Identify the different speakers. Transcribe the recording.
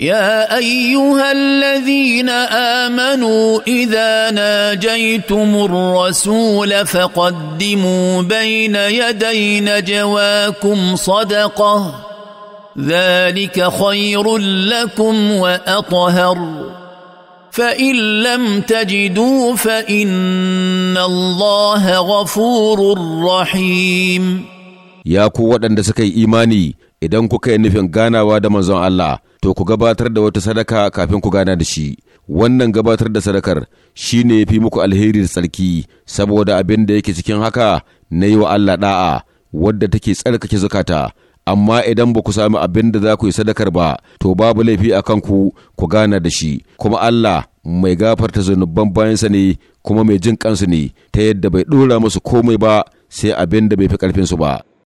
Speaker 1: يا ايها الذين امنوا اذا ناجيتم الرسول فقدموا بين يدي نجواكم صدقه ذلك خير لكم واطهر فان لم تجدوا فان الله غفور رحيم
Speaker 2: يا قوه ان سكي ايماني idan kuka yi nufin ganawa da manzon Allah to ku gabatar da wata sadaka kafin ku gana da shi wannan gabatar da sadakar shi ne fi muku alheri da tsarki saboda abin da yake cikin haka na yi wa Allah da'a wadda take tsarkake zukata amma idan ba ku sami abin da za ku yi sadakar ba to babu laifi a kanku ku gana da shi kuma Allah mai gafarta zunuban bayansa ne kuma mai jin kansu ne ta yadda bai ɗora musu komai ba sai abin da bai fi ƙarfinsu ba.